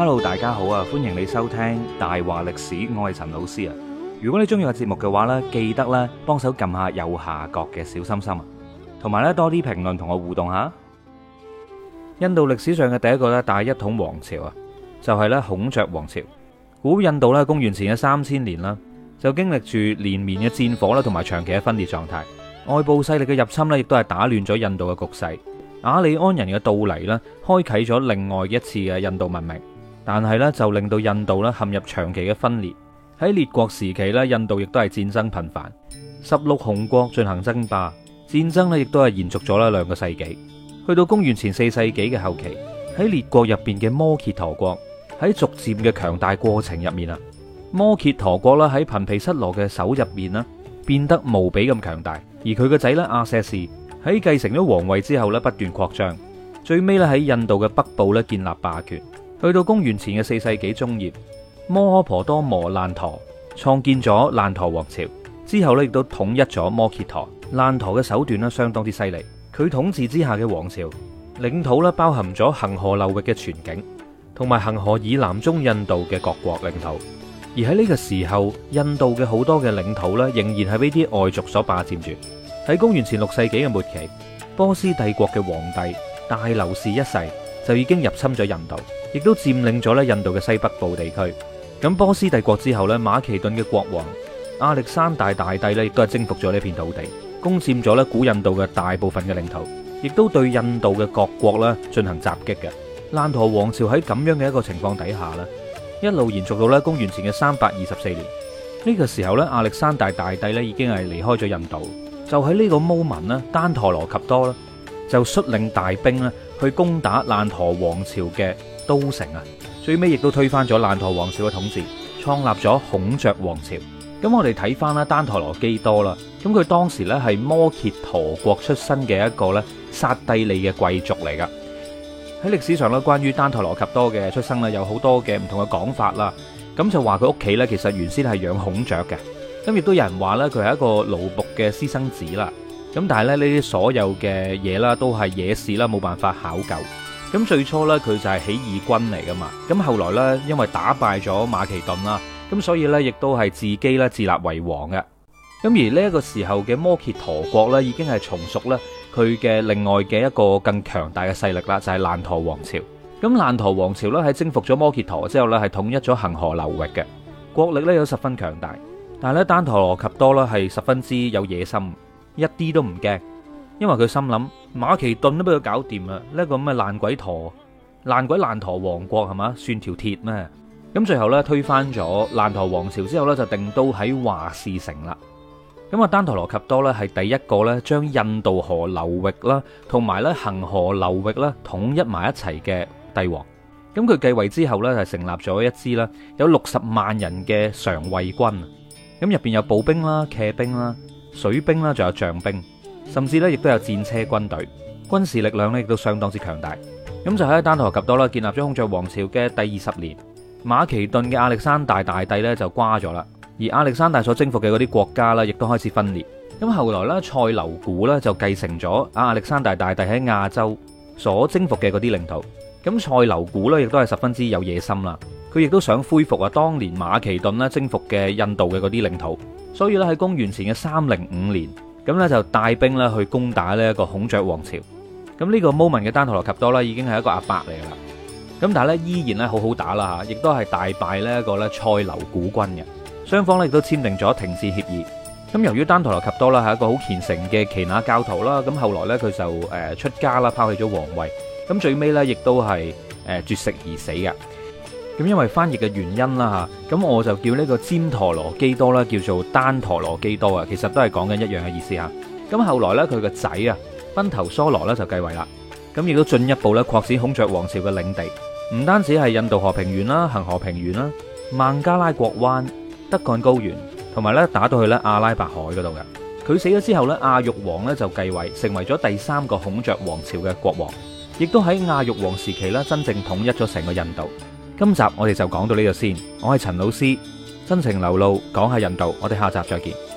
hello，大家好啊！歡迎你收聽大話歷史，我係陳老師啊。如果你中意個節目嘅話呢，記得咧幫手撳下右下角嘅小心心啊，同埋咧多啲評論同我互動下。印度歷史上嘅第一個咧大一統王朝啊，就係咧孔雀王朝。古印度咧公元前嘅三千年啦，就經歷住連綿嘅戰火啦，同埋長期嘅分裂狀態。外部勢力嘅入侵呢，亦都係打亂咗印度嘅局勢。雅利安人嘅到嚟呢，開啟咗另外一次嘅印度文明。但係呢就令到印度咧陷入長期嘅分裂。喺列國時期咧，印度亦都係戰爭頻繁，十六雄國進行爭霸，戰爭呢亦都係延續咗啦兩個世紀。去到公元前四世紀嘅後期，喺列國入邊嘅摩揭陀國喺逐漸嘅強大過程入面啦，摩揭陀國啦喺頻皮失羅嘅手入面啦，變得無比咁強大。而佢個仔咧阿舍士喺繼承咗皇位之後咧，不斷擴張，最尾咧喺印度嘅北部咧建立霸權。去到公元前嘅四世紀中葉，摩訶婆多摩難陀創建咗難陀王朝之後咧，亦都統一咗摩揭陀。難陀嘅手段呢相當之犀利，佢統治之下嘅王朝領土咧包含咗恒河流域嘅全景，同埋恒河以南中印度嘅各國領土。而喺呢個時候，印度嘅好多嘅領土呢仍然係畀啲外族所霸佔住。喺公元前六世紀嘅末期，波斯帝國嘅皇帝大流士一世就已經入侵咗印度。亦都佔領咗咧印度嘅西北部地區。咁波斯帝國之後咧，馬其頓嘅國王亞歷山大大帝咧，亦都係征服咗呢片土地，攻佔咗咧古印度嘅大部分嘅領土，亦都對印度嘅各國咧進行襲擊嘅。蘭陀王朝喺咁樣嘅一個情況底下咧，一路延續到咧公元前嘅三百二十四年。呢、這個時候咧，亞歷山大大帝咧已經係離開咗印度，就喺呢個摩文啦、丹陀羅及多啦，就率領大兵咧。去攻打爛陀王朝嘅都城啊，最尾亦都推翻咗爛陀王朝嘅統治，創立咗孔雀王朝。咁我哋睇翻啦，旃陀羅笈多啦，咁佢當時呢係摩羯陀國出身嘅一個呢剎帝利嘅貴族嚟噶。喺歷史上呢，關於旃陀羅笈多嘅出生呢，有好多嘅唔同嘅講法啦。咁就話佢屋企呢其實原先係養孔雀嘅。咁亦都有人話呢佢係一個奴僕嘅私生子啦。咁但係咧，呢啲所有嘅嘢啦，都係野史啦，冇辦法考究。咁最初咧，佢就係起義軍嚟噶嘛。咁後來咧，因為打敗咗馬其頓啦，咁所以咧，亦都係自己咧自立為王嘅。咁而呢一個時候嘅摩羯陀國咧，已經係從屬咧佢嘅另外嘅一個更強大嘅勢力啦，就係難陀王朝。咁難陀王朝咧喺征服咗摩羯陀之後咧，係統一咗恒河流域嘅，國力咧又十分強大，但係咧，旃陀羅笈多咧係十分之有野心。一啲都唔驚，因為佢心諗馬其頓都俾佢搞掂啦，呢一個咁嘅爛鬼陀爛鬼爛陀王國係嘛，算條鐵咩？咁最後咧推翻咗爛陀王朝之後咧，就定都喺華士城啦。咁啊，旃陀羅笈多咧係第一個咧將印度河流域啦同埋咧恒河流域啦統一埋一齊嘅帝王。咁佢繼位之後咧，就成立咗一支啦有六十萬人嘅常衛軍，咁入邊有步兵啦、騎兵啦。水兵啦，仲有象兵，甚至咧亦都有戰車軍隊，軍事力量咧亦都相當之強大。咁就喺旃陀羅笈多啦建立咗孔雀王朝嘅第二十年，馬其頓嘅亞歷山大大帝咧就瓜咗啦，而亞歷山大所征服嘅嗰啲國家呢，亦都開始分裂。咁後來呢，塞琉古呢，就繼承咗亞歷山大大帝喺亞洲所征服嘅嗰啲領土。咁塞琉古呢，亦都係十分之有野心啦，佢亦都想恢復啊當年馬其頓咧征服嘅印度嘅嗰啲領土。所以咧喺公元前嘅三零五年，咁呢就帶兵咧去攻打呢一個孔雀王朝。咁、這、呢個 moment 嘅旃陀羅笈多呢已經係一個阿伯嚟啦。咁但係呢，依然呢好好打啦嚇，亦都係大敗呢一個咧塞琉古軍嘅。雙方呢亦都簽訂咗停戰協議。咁由於旃陀羅笈多呢係一個好虔誠嘅耆那教徒啦，咁後來呢，佢就誒出家啦，拋棄咗皇位。咁最尾呢，亦都係誒絕食而死嘅。咁因為翻譯嘅原因啦，吓。咁我就叫呢個旃陀羅笈多啦，叫做丹陀羅笈多啊。其實都係講緊一樣嘅意思嚇。咁後來呢，佢個仔啊，賓頭娑羅呢，就繼位啦。咁亦都進一步咧擴展孔雀王朝嘅領地，唔單止係印度河平原啦、恒河平原啦、孟加拉國灣、德干高原，同埋咧打到去咧阿拉伯海嗰度嘅。佢死咗之後呢，阿育王呢，就繼位，成為咗第三個孔雀王朝嘅國王，亦都喺阿育王時期咧真正統一咗成個印度。今集我哋就講到呢度先，我係陳老師，真情流露，講下印度，我哋下集再見。